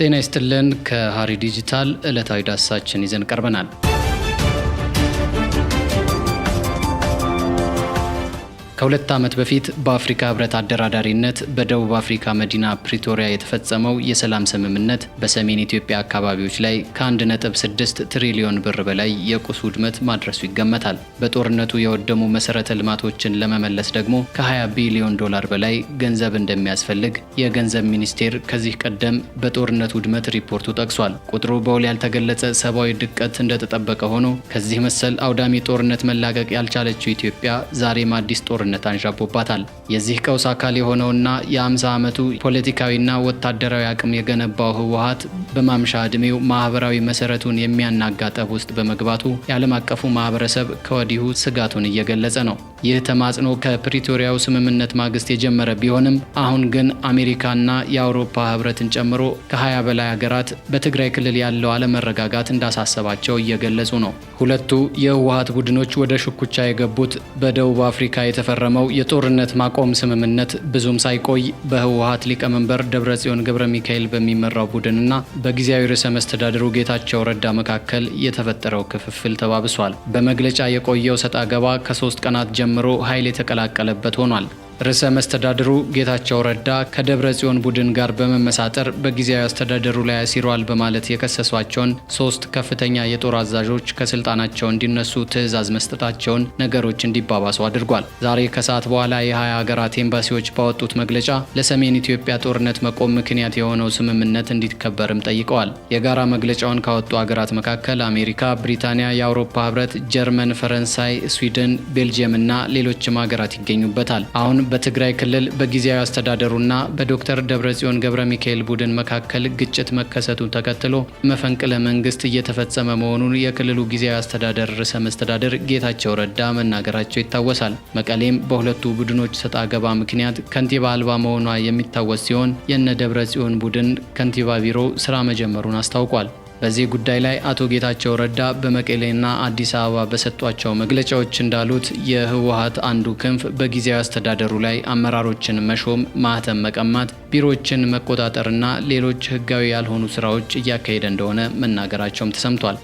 ጤና ይስጥልን። ከሓሪ ዲጂታል ዕለታዊ ዳሳችን ይዘን ቀርበናል። ከሁለት ዓመት በፊት በአፍሪካ ህብረት አደራዳሪነት በደቡብ አፍሪካ መዲና ፕሪቶሪያ የተፈጸመው የሰላም ስምምነት በሰሜን ኢትዮጵያ አካባቢዎች ላይ ከ1.6 ትሪሊዮን ብር በላይ የቁስ ውድመት ማድረሱ ይገመታል። በጦርነቱ የወደሙ መሰረተ ልማቶችን ለመመለስ ደግሞ ከ20 ቢሊዮን ዶላር በላይ ገንዘብ እንደሚያስፈልግ የገንዘብ ሚኒስቴር ከዚህ ቀደም በጦርነት ውድመት ሪፖርቱ ጠቅሷል። ቁጥሩ በውል ያልተገለጸ ሰብአዊ ድቀት እንደተጠበቀ ሆኖ ከዚህ መሰል አውዳሚ ጦርነት መላቀቅ ያልቻለችው ኢትዮጵያ ዛሬም አዲስ ጦርነት ጦርነት አንዣቦባታል። የዚህ ቀውስ አካል የሆነውና የ50 ዓመቱ ፖለቲካዊና ወታደራዊ አቅም የገነባው ህወሀት በማምሻ ዕድሜው ማህበራዊ መሰረቱን የሚያናጋጠብ ውስጥ በመግባቱ የዓለም አቀፉ ማህበረሰብ ከወዲሁ ስጋቱን እየገለጸ ነው። ይህ ተማጽኖ ከፕሪቶሪያው ስምምነት ማግስት የጀመረ ቢሆንም አሁን ግን አሜሪካና የአውሮፓ ህብረትን ጨምሮ ከ20 በላይ ሀገራት በትግራይ ክልል ያለው አለመረጋጋት እንዳሳሰባቸው እየገለጹ ነው። ሁለቱ የህወሀት ቡድኖች ወደ ሽኩቻ የገቡት በደቡብ አፍሪካ የተፈረመው የጦርነት ማቆም ስምምነት ብዙም ሳይቆይ በህወሀት ሊቀመንበር ደብረጽዮን ገብረ ሚካኤል በሚመራው ቡድንና በጊዜያዊ ርዕሰ መስተዳድሩ ጌታቸው ረዳ መካከል የተፈጠረው ክፍፍል ተባብሷል። በመግለጫ የቆየው ሰጣ ገባ ከሶስት ቀናት ጀምሮ ጀምሮ ኃይል የተቀላቀለበት ሆኗል። ርዕሰ መስተዳድሩ ጌታቸው ረዳ ከደብረ ጽዮን ቡድን ጋር በመመሳጠር በጊዜያዊ አስተዳደሩ ላይ አሲሯል በማለት የከሰሷቸውን ሶስት ከፍተኛ የጦር አዛዦች ከስልጣናቸው እንዲነሱ ትዕዛዝ መስጠታቸውን ነገሮች እንዲባባሱ አድርጓል። ዛሬ ከሰዓት በኋላ የሀያ ሀገራት ኤምባሲዎች ባወጡት መግለጫ ለሰሜን ኢትዮጵያ ጦርነት መቆም ምክንያት የሆነው ስምምነት እንዲከበርም ጠይቀዋል። የጋራ መግለጫውን ካወጡ ሀገራት መካከል አሜሪካ፣ ብሪታንያ፣ የአውሮፓ ህብረት፣ ጀርመን፣ ፈረንሳይ፣ ስዊድን፣ ቤልጅየም እና ሌሎችም ሀገራት ይገኙበታል። አሁን በትግራይ ክልል በጊዜያዊ አስተዳደሩና በዶክተር ደብረጽዮን ገብረ ሚካኤል ቡድን መካከል ግጭት መከሰቱን ተከትሎ መፈንቅለ መንግስት እየተፈጸመ መሆኑን የክልሉ ጊዜያዊ አስተዳደር ርዕሰ መስተዳደር ጌታቸው ረዳ መናገራቸው ይታወሳል። መቀሌም በሁለቱ ቡድኖች ሰጣ ገባ ምክንያት ከንቲባ አልባ መሆኗ የሚታወስ ሲሆን የነ ደብረጽዮን ቡድን ከንቲባ ቢሮ ስራ መጀመሩን አስታውቋል። በዚህ ጉዳይ ላይ አቶ ጌታቸው ረዳ በመቀሌና አዲስ አበባ በሰጧቸው መግለጫዎች እንዳሉት የህወሀት አንዱ ክንፍ በጊዜያዊ አስተዳደሩ ላይ አመራሮችን መሾም፣ ማህተም መቀማት፣ ቢሮዎችን መቆጣጠርና ሌሎች ህጋዊ ያልሆኑ ስራዎች እያካሄደ እንደሆነ መናገራቸውም ተሰምቷል።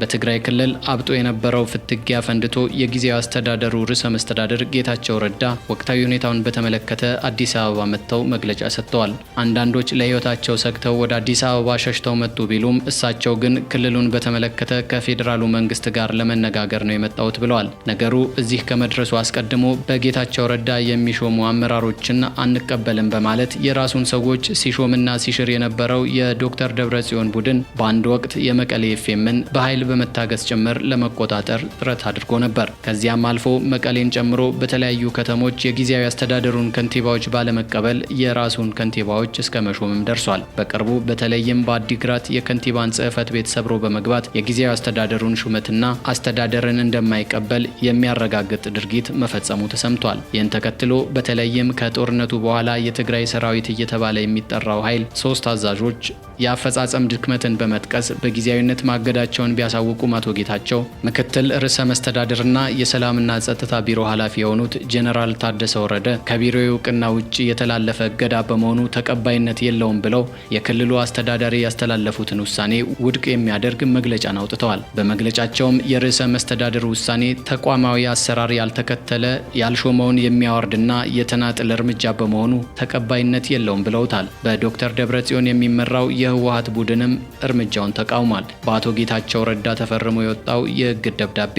በትግራይ ክልል አብጦ የነበረው ፍትጊያ ፈንድቶ የጊዜያዊ አስተዳደሩ ርዕሰ መስተዳደር ጌታቸው ረዳ ወቅታዊ ሁኔታውን በተመለከተ አዲስ አበባ መጥተው መግለጫ ሰጥተዋል። አንዳንዶች ለሕይወታቸው ሰግተው ወደ አዲስ አበባ ሸሽተው መጡ ቢሉም እሳቸው ግን ክልሉን በተመለከተ ከፌዴራሉ መንግስት ጋር ለመነጋገር ነው የመጣሁት ብለዋል። ነገሩ እዚህ ከመድረሱ አስቀድሞ በጌታቸው ረዳ የሚሾሙ አመራሮችን አንቀበልም በማለት የራሱን ሰዎች ሲሾምና ሲሽር የነበረው የዶክተር ደብረጽዮን ቡድን በአንድ ወቅት የመቀሌ ኤፍኤምን በኃይል በመታገስ ጭምር ለመቆጣጠር ጥረት አድርጎ ነበር። ከዚያም አልፎ መቀሌን ጨምሮ በተለያዩ ከተሞች የጊዜያዊ አስተዳደሩን ከንቲባዎች ባለመቀበል የራሱን ከንቲባዎች እስከ መሾምም ደርሷል። በቅርቡ በተለይም በአዲግራት የከንቲባን ጽህፈት ቤት ሰብሮ በመግባት የጊዜያዊ አስተዳደሩን ሹመትና አስተዳደርን እንደማይቀበል የሚያረጋግጥ ድርጊት መፈጸሙ ተሰምቷል። ይህን ተከትሎ በተለይም ከጦርነቱ በኋላ የትግራይ ሰራዊት እየተባለ የሚጠራው ኃይል ሶስት አዛዦች የአፈጻጸም ድክመትን በመጥቀስ በጊዜያዊነት ማገዳቸውን ቢያስ እንዳሳወቁ አቶ ጌታቸው ምክትል ርዕሰ መስተዳድርና የሰላምና ጸጥታ ቢሮ ኃላፊ የሆኑት ጄኔራል ታደሰ ወረደ ከቢሮ እውቅና ውጭ የተላለፈ እገዳ በመሆኑ ተቀባይነት የለውም ብለው የክልሉ አስተዳዳሪ ያስተላለፉትን ውሳኔ ውድቅ የሚያደርግ መግለጫን አውጥተዋል። በመግለጫቸውም የርዕሰ መስተዳድር ውሳኔ ተቋማዊ አሰራር ያልተከተለ ያልሾመውን የሚያወርድና የተናጥል እርምጃ በመሆኑ ተቀባይነት የለውም ብለውታል። በዶክተር ደብረ ጽዮን የሚመራው የህወሀት ቡድንም እርምጃውን ተቃውሟል። በአቶ ጌታቸው ረዳ ተፈርሞ የወጣው የእግድ ደብዳቤ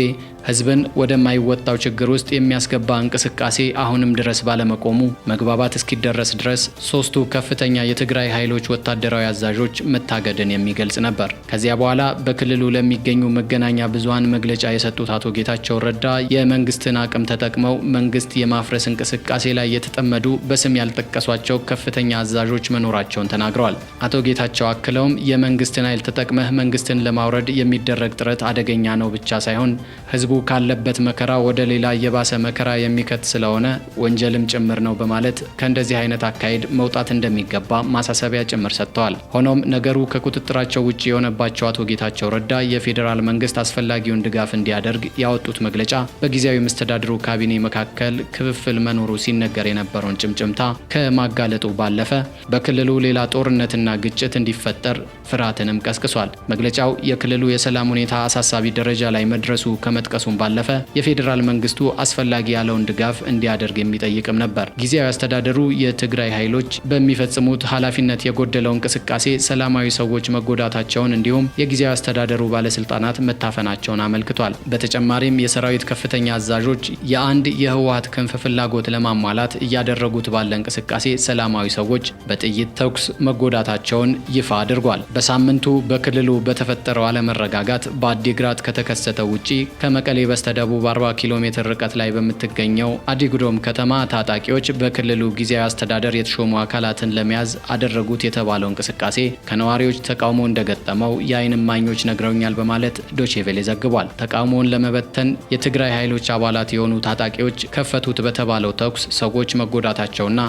ህዝብን ወደማይወጣው ችግር ውስጥ የሚያስገባ እንቅስቃሴ አሁንም ድረስ ባለመቆሙ መግባባት እስኪደረስ ድረስ ሶስቱ ከፍተኛ የትግራይ ኃይሎች ወታደራዊ አዛዦች መታገድን የሚገልጽ ነበር። ከዚያ በኋላ በክልሉ ለሚገኙ መገናኛ ብዙሃን መግለጫ የሰጡት አቶ ጌታቸው ረዳ የመንግስትን አቅም ተጠቅመው መንግስት የማፍረስ እንቅስቃሴ ላይ የተጠመዱ በስም ያልጠቀሷቸው ከፍተኛ አዛዦች መኖራቸውን ተናግረዋል። አቶ ጌታቸው አክለውም የመንግስትን ኃይል ተጠቅመህ መንግስትን ለማውረድ የሚደረግ ጥረት አደገኛ ነው ብቻ ሳይሆን ህዝቡ ካለበት መከራ ወደ ሌላ የባሰ መከራ የሚከት ስለሆነ ወንጀልም ጭምር ነው በማለት ከእንደዚህ አይነት አካሄድ መውጣት እንደሚገባ ማሳሰቢያ ጭምር ሰጥተዋል። ሆኖም ነገሩ ከቁጥጥራቸው ውጭ የሆነባቸው አቶ ጌታቸው ረዳ የፌዴራል መንግስት አስፈላጊውን ድጋፍ እንዲያደርግ ያወጡት መግለጫ በጊዜያዊ መስተዳድሩ ካቢኔ መካከል ክፍፍል መኖሩ ሲነገር የነበረውን ጭምጭምታ ከማጋለጡ ባለፈ በክልሉ ሌላ ጦርነትና ግጭት እንዲፈጠር ፍርሃትንም ቀስቅሷል። መግለጫው የክልሉ የሰላም ሁኔታ አሳሳቢ ደረጃ ላይ መድረሱ ከመጥቀሱ ከመጥቀሱም ባለፈ የፌዴራል መንግስቱ አስፈላጊ ያለውን ድጋፍ እንዲያደርግ የሚጠይቅም ነበር። ጊዜያዊ አስተዳደሩ የትግራይ ኃይሎች በሚፈጽሙት ኃላፊነት የጎደለው እንቅስቃሴ ሰላማዊ ሰዎች መጎዳታቸውን እንዲሁም የጊዜያዊ አስተዳደሩ ባለስልጣናት መታፈናቸውን አመልክቷል። በተጨማሪም የሰራዊት ከፍተኛ አዛዦች የአንድ የህወሀት ክንፍ ፍላጎት ለማሟላት እያደረጉት ባለ እንቅስቃሴ ሰላማዊ ሰዎች በጥይት ተኩስ መጎዳታቸውን ይፋ አድርጓል። በሳምንቱ በክልሉ በተፈጠረው አለመረጋጋት በአዲግራት ከተከሰተው ውጪ ከመቀ ከመቀሌ በስተደቡብ 40 ኪሎ ሜትር ርቀት ላይ በምትገኘው አዲግዶም ከተማ ታጣቂዎች በክልሉ ጊዜያዊ አስተዳደር የተሾሙ አካላትን ለመያዝ አደረጉት የተባለው እንቅስቃሴ ከነዋሪዎች ተቃውሞ እንደገጠመው የዓይን እማኞች ነግረውኛል በማለት ዶቼቬሌ ዘግቧል። ተቃውሞውን ለመበተን የትግራይ ኃይሎች አባላት የሆኑ ታጣቂዎች ከፈቱት በተባለው ተኩስ ሰዎች መጎዳታቸውና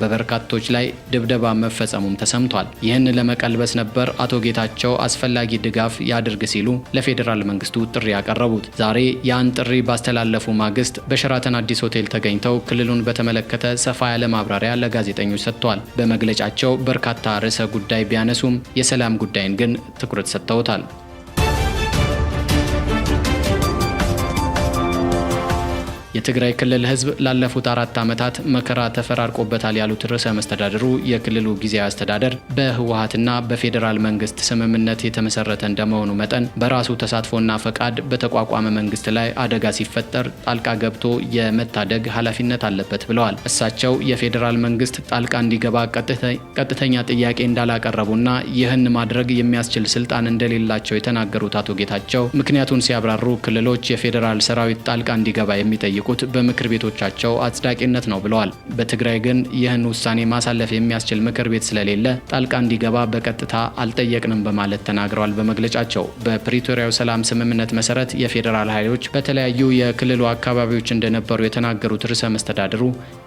በበርካቶች ላይ ድብደባ መፈጸሙም ተሰምቷል። ይህን ለመቀልበስ ነበር አቶ ጌታቸው አስፈላጊ ድጋፍ ያድርግ ሲሉ ለፌዴራል መንግስቱ ጥሪ ያቀረቡት። ዛሬ ያን ጥሪ ባስተላለፉ ማግስት በሸራተን አዲስ ሆቴል ተገኝተው ክልሉን በተመለከተ ሰፋ ያለ ማብራሪያ ለጋዜጠኞች ሰጥተዋል። በመግለጫቸው በርካታ ርዕሰ ጉዳይ ቢያነሱም የሰላም ጉዳይን ግን ትኩረት ሰጥተውታል። የትግራይ ክልል ሕዝብ ላለፉት አራት ዓመታት መከራ ተፈራርቆበታል ያሉት ርዕሰ መስተዳድሩ የክልሉ ጊዜያዊ አስተዳደር በህወሀትና በፌዴራል መንግስት ስምምነት የተመሰረተ እንደመሆኑ መጠን በራሱ ተሳትፎና ፈቃድ በተቋቋመ መንግስት ላይ አደጋ ሲፈጠር ጣልቃ ገብቶ የመታደግ ኃላፊነት አለበት ብለዋል። እሳቸው የፌዴራል መንግስት ጣልቃ እንዲገባ ቀጥተኛ ጥያቄ እንዳላቀረቡና ይህን ማድረግ የሚያስችል ስልጣን እንደሌላቸው የተናገሩት አቶ ጌታቸው ምክንያቱን ሲያብራሩ ክልሎች የፌዴራል ሰራዊት ጣልቃ እንዲገባ የሚጠይቁ የሚጠይቁት በምክር ቤቶቻቸው አጽዳቂነት ነው ብለዋል። በትግራይ ግን ይህን ውሳኔ ማሳለፍ የሚያስችል ምክር ቤት ስለሌለ ጣልቃ እንዲገባ በቀጥታ አልጠየቅንም በማለት ተናግረዋል። በመግለጫቸው በፕሪቶሪያው ሰላም ስምምነት መሰረት የፌዴራል ኃይሎች በተለያዩ የክልሉ አካባቢዎች እንደነበሩ የተናገሩት ርዕሰ መስተዳድሩ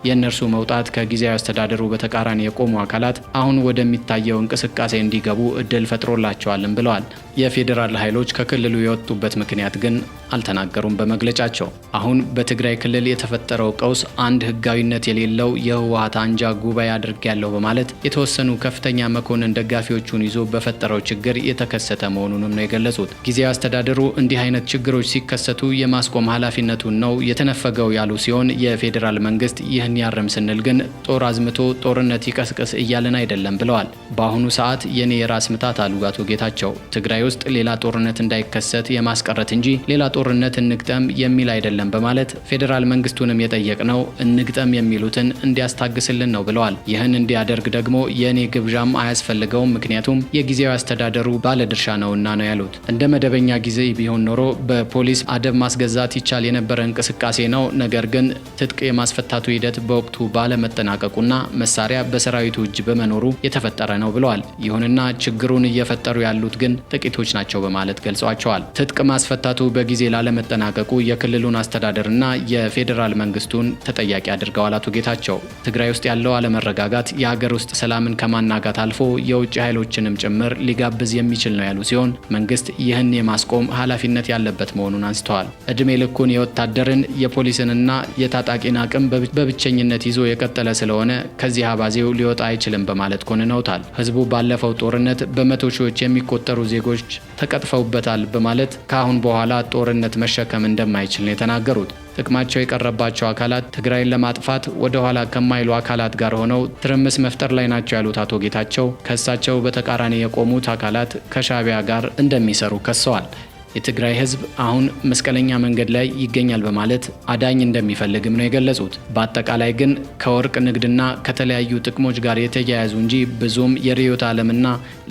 የእነርሱ መውጣት ከጊዜያዊ አስተዳደሩ በተቃራኒ የቆሙ አካላት አሁን ወደሚታየው እንቅስቃሴ እንዲገቡ እድል ፈጥሮላቸዋልም ብለዋል። የፌዴራል ኃይሎች ከክልሉ የወጡበት ምክንያት ግን አልተናገሩም። በመግለጫቸው አሁን በትግራይ በትግራይ ክልል የተፈጠረው ቀውስ አንድ ህጋዊነት የሌለው የህወሀት አንጃ ጉባኤ አድርጌያለሁ በማለት የተወሰኑ ከፍተኛ መኮንን ደጋፊዎቹን ይዞ በፈጠረው ችግር የተከሰተ መሆኑንም ነው የገለጹት። ጊዜያዊ አስተዳደሩ እንዲህ አይነት ችግሮች ሲከሰቱ የማስቆም ኃላፊነቱን ነው የተነፈገው ያሉ ሲሆን የፌዴራል መንግስት ይህን ያርም ስንል ግን ጦር አዝምቶ ጦርነት ይቀስቅስ እያለን አይደለም ብለዋል። በአሁኑ ሰዓት የኔ የራስ ምታት አሉ አቶ ጌታቸው ትግራይ ውስጥ ሌላ ጦርነት እንዳይከሰት የማስቀረት እንጂ ሌላ ጦርነት እንግጠም የሚል አይደለም በማለት ፌዴራል መንግስቱንም የጠየቅነው እንግጠም የሚሉትን እንዲያስታግስልን ነው ብለዋል። ይህን እንዲያደርግ ደግሞ የእኔ ግብዣም አያስፈልገውም፣ ምክንያቱም የጊዜያዊ አስተዳደሩ ባለድርሻ ነውና ነው ያሉት። እንደ መደበኛ ጊዜ ቢሆን ኖሮ በፖሊስ አደብ ማስገዛት ይቻል የነበረ እንቅስቃሴ ነው። ነገር ግን ትጥቅ የማስፈታቱ ሂደት በወቅቱ ባለመጠናቀቁና መሳሪያ በሰራዊቱ እጅ በመኖሩ የተፈጠረ ነው ብለዋል። ይሁንና ችግሩን እየፈጠሩ ያሉት ግን ጥቂቶች ናቸው በማለት ገልጿቸዋል። ትጥቅ ማስፈታቱ በጊዜ ላለመጠናቀቁ የክልሉን አስተዳደርና የፌዴራል መንግስቱን ተጠያቂ አድርገዋል። አቶ ጌታቸው ትግራይ ውስጥ ያለው አለመረጋጋት የሀገር ውስጥ ሰላምን ከማናጋት አልፎ የውጭ ኃይሎችንም ጭምር ሊጋብዝ የሚችል ነው ያሉ ሲሆን መንግስት ይህን የማስቆም ኃላፊነት ያለበት መሆኑን አንስተዋል። እድሜ ልኩን የወታደርን የፖሊስንና የታጣቂን አቅም በብቸኝነት ይዞ የቀጠለ ስለሆነ ከዚህ አባዜው ሊወጣ አይችልም በማለት ኮንነውታል። ህዝቡ ባለፈው ጦርነት በመቶ ሺዎች የሚቆጠሩ ዜጎች ተቀጥፈውበታል በማለት ከአሁን በኋላ ጦርነት መሸከም እንደማይችል ነው የተናገሩት። ጥቅማቸው የቀረባቸው አካላት ትግራይን ለማጥፋት ወደኋላ ከማይሉ አካላት ጋር ሆነው ትርምስ መፍጠር ላይ ናቸው ያሉት አቶ ጌታቸው ከእሳቸው በተቃራኒ የቆሙት አካላት ከሻቢያ ጋር እንደሚሰሩ ከሰዋል። የትግራይ ህዝብ አሁን መስቀለኛ መንገድ ላይ ይገኛል በማለት አዳኝ እንደሚፈልግም ነው የገለጹት። በአጠቃላይ ግን ከወርቅ ንግድና ከተለያዩ ጥቅሞች ጋር የተያያዙ እንጂ ብዙም የርዕዮተ ዓለምና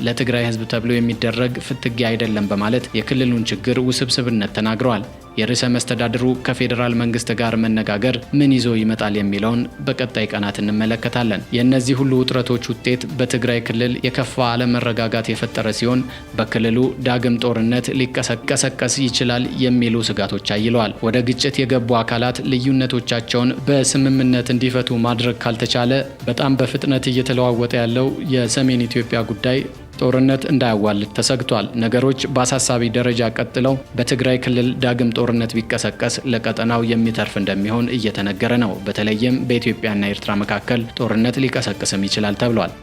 ለትግራይ ህዝብ ተብሎ የሚደረግ ፍትጊያ አይደለም በማለት የክልሉን ችግር ውስብስብነት ተናግረዋል። የርዕሰ መስተዳድሩ ከፌዴራል መንግስት ጋር መነጋገር ምን ይዞ ይመጣል የሚለውን በቀጣይ ቀናት እንመለከታለን። የእነዚህ ሁሉ ውጥረቶች ውጤት በትግራይ ክልል የከፋ አለመረጋጋት የፈጠረ ሲሆን በክልሉ ዳግም ጦርነት ሊቀሰቀስ ይችላል የሚሉ ስጋቶች አይለዋል። ወደ ግጭት የገቡ አካላት ልዩነቶቻቸውን በስምምነት እንዲፈቱ ማድረግ ካልተቻለ በጣም በፍጥነት እየተለዋወጠ ያለው የሰሜን ኢትዮጵያ ጉዳይ ጦርነት እንዳያዋልድ ተሰግቷል። ነገሮች በአሳሳቢ ደረጃ ቀጥለው በትግራይ ክልል ዳግም ጦርነት ቢቀሰቀስ ለቀጠናው የሚተርፍ እንደሚሆን እየተነገረ ነው። በተለይም በኢትዮጵያና ኤርትራ መካከል ጦርነት ሊቀሰቅስም ይችላል ተብሏል።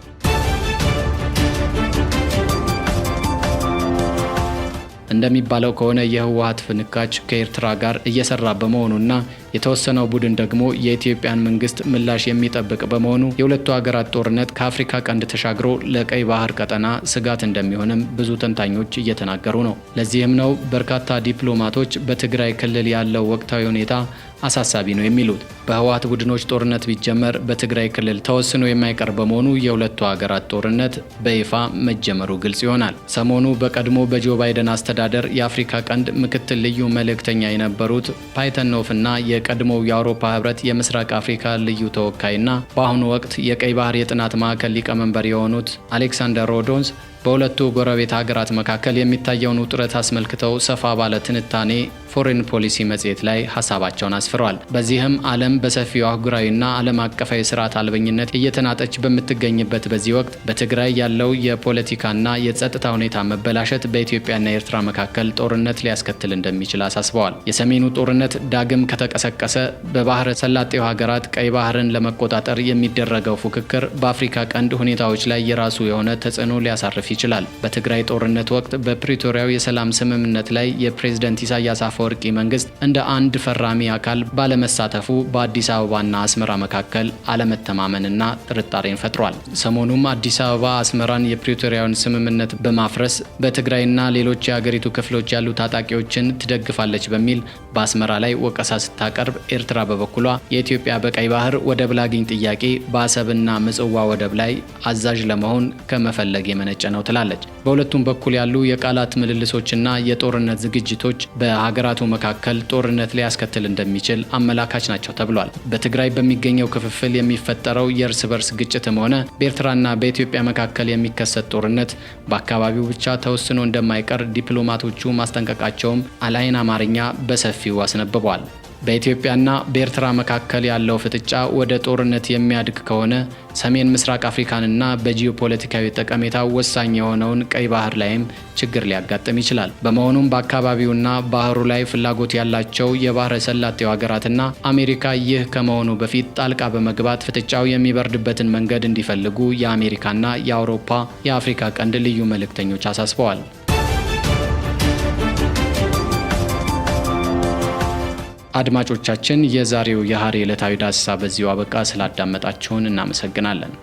እንደሚባለው ከሆነ የህወሀት ፍንካች ከኤርትራ ጋር እየሰራ በመሆኑና የተወሰነው ቡድን ደግሞ የኢትዮጵያን መንግስት ምላሽ የሚጠብቅ በመሆኑ የሁለቱ ሀገራት ጦርነት ከአፍሪካ ቀንድ ተሻግሮ ለቀይ ባህር ቀጠና ስጋት እንደሚሆንም ብዙ ተንታኞች እየተናገሩ ነው። ለዚህም ነው በርካታ ዲፕሎማቶች በትግራይ ክልል ያለው ወቅታዊ ሁኔታ አሳሳቢ ነው የሚሉት በህወሀት ቡድኖች ጦርነት ቢጀመር በትግራይ ክልል ተወስኖ የማይቀር በመሆኑ የሁለቱ ሀገራት ጦርነት በይፋ መጀመሩ ግልጽ ይሆናል። ሰሞኑ በቀድሞ በጆ ባይደን አስተዳደር የአፍሪካ ቀንድ ምክትል ልዩ መልእክተኛ የነበሩት ፓይተኖፍ እና የቀድሞው የአውሮፓ ህብረት የምስራቅ አፍሪካ ልዩ ተወካይና በአሁኑ ወቅት የቀይ ባህር የጥናት ማዕከል ሊቀመንበር የሆኑት አሌክሳንደር ሮዶንስ በሁለቱ ጎረቤት ሀገራት መካከል የሚታየውን ውጥረት አስመልክተው ሰፋ ባለ ትንታኔ ፎሬን ፖሊሲ መጽሔት ላይ ሀሳባቸውን አስፍረዋል። በዚህም ዓለም በሰፊው አህጉራዊና ዓለም አቀፋዊ ስርዓት አልበኝነት እየተናጠች በምትገኝበት በዚህ ወቅት በትግራይ ያለው የፖለቲካና የጸጥታ ሁኔታ መበላሸት በኢትዮጵያና ኤርትራ መካከል ጦርነት ሊያስከትል እንደሚችል አሳስበዋል። የሰሜኑ ጦርነት ዳግም ከተቀሰቀሰ በባህረ ሰላጤው ሀገራት ቀይ ባህርን ለመቆጣጠር የሚደረገው ፉክክር በአፍሪካ ቀንድ ሁኔታዎች ላይ የራሱ የሆነ ተጽዕኖ ሊያሳርፍ ይችላል። በትግራይ ጦርነት ወቅት በፕሪቶሪያው የሰላም ስምምነት ላይ የፕሬዝደንት ኢሳያስ አፈወርቂ መንግስት እንደ አንድ ፈራሚ አካል ባለመሳተፉ በአዲስ አበባና አስመራ መካከል አለመተማመንና ጥርጣሬን ፈጥሯል። ሰሞኑም አዲስ አበባ አስመራን የፕሪቶሪያውን ስምምነት በማፍረስ በትግራይና ሌሎች የአገሪቱ ክፍሎች ያሉ ታጣቂዎችን ትደግፋለች በሚል በአስመራ ላይ ወቀሳ ስታቀርብ ኤርትራ በበኩሏ የኢትዮጵያ በቀይ ባህር ወደብ ላግኝ ጥያቄ በአሰብና ምጽዋ ወደብ ላይ አዛዥ ለመሆን ከመፈለግ የመነጨ ነው ነው ትላለች። በሁለቱም በኩል ያሉ የቃላት ምልልሶችና የጦርነት ዝግጅቶች በሀገራቱ መካከል ጦርነት ሊያስከትል እንደሚችል አመላካች ናቸው ተብሏል። በትግራይ በሚገኘው ክፍፍል የሚፈጠረው የእርስ በርስ ግጭትም ሆነ በኤርትራና በኢትዮጵያ መካከል የሚከሰት ጦርነት በአካባቢው ብቻ ተወስኖ እንደማይቀር ዲፕሎማቶቹ ማስጠንቀቃቸውም አላይን አማርኛ በሰፊው አስነብቧል። በኢትዮጵያና በኤርትራ መካከል ያለው ፍጥጫ ወደ ጦርነት የሚያድግ ከሆነ ሰሜን ምስራቅ አፍሪካንና በጂኦፖለቲካዊ ጠቀሜታ ወሳኝ የሆነውን ቀይ ባህር ላይም ችግር ሊያጋጥም ይችላል። በመሆኑም በአካባቢውና ባህሩ ላይ ፍላጎት ያላቸው የባህረ ሰላጤው ሀገራትና አሜሪካ ይህ ከመሆኑ በፊት ጣልቃ በመግባት ፍጥጫው የሚበርድበትን መንገድ እንዲፈልጉ የአሜሪካና የአውሮፓ የአፍሪካ ቀንድ ልዩ መልእክተኞች አሳስበዋል። አድማጮቻችን፣ የዛሬው የሐሬ ዕለታዊ ዳሰሳ በዚሁ አበቃ። ስላዳመጣችሁን እናመሰግናለን።